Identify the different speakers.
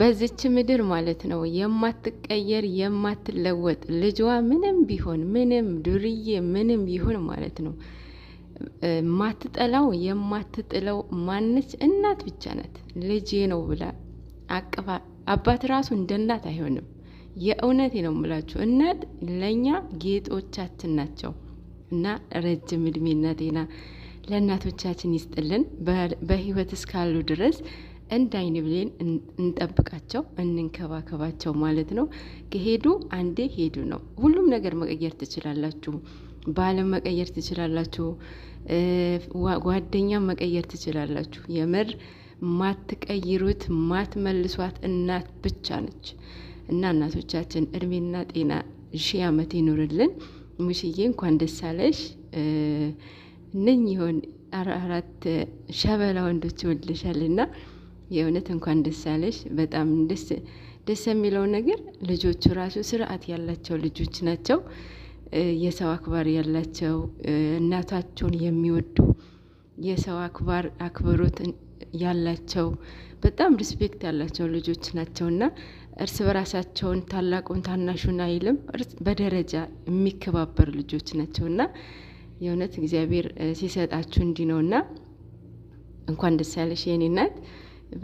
Speaker 1: በዚች ምድር ማለት ነው የማትቀየር የማትለወጥ ልጇ ምንም ቢሆን ምንም ዱርዬ ምንም ቢሆን ማለት ነው ማትጠላው የማትጥለው ማነች? እናት ብቻ ናት። ልጄ ነው ብላ አቅፋ አባት ራሱ እንደ እናት አይሆንም። የእውነቴ ነው የምላችሁ እናት ለእኛ ጌጦቻችን ናቸው እና ረጅም እድሜና ጤና ለእናቶቻችን ይስጥልን በህይወት እስካሉ ድረስ እንዳይን አይን ብሌን እንጠብቃቸው፣ እንንከባከባቸው ማለት ነው። ከሄዱ አንዴ ሄዱ ነው። ሁሉም ነገር መቀየር ትችላላችሁ። ባለም መቀየር ትችላላችሁ። ጓደኛም መቀየር ትችላላችሁ። የምር ማትቀይሩት ማትመልሷት እናት ብቻ ነች እና እናቶቻችን እድሜና ጤና ሺህ ዓመት ይኑርልን። ሙሽዬ እንኳን ደስ አለሽ። እነኚህ ይሆን አራት ሸበላ ወንዶች ይወልሻልና የእውነት እንኳን ደስ አለሽ። በጣም ደስ የሚለው ነገር ልጆቹ ራሱ ስርዓት ያላቸው ልጆች ናቸው። የሰው አክባር ያላቸው እናታቸውን የሚወዱ የሰው አክባር አክብሮት ያላቸው በጣም ሪስፔክት ያላቸው ልጆች ናቸው እና እርስ በራሳቸውን ታላቁን ታናሹን አይልም፣ በደረጃ የሚከባበር ልጆች ናቸው እና የእውነት እግዚአብሔር ሲሰጣችሁ እንዲህ ነው እና እንኳን ደስ ያለሽ የኔ እናት። with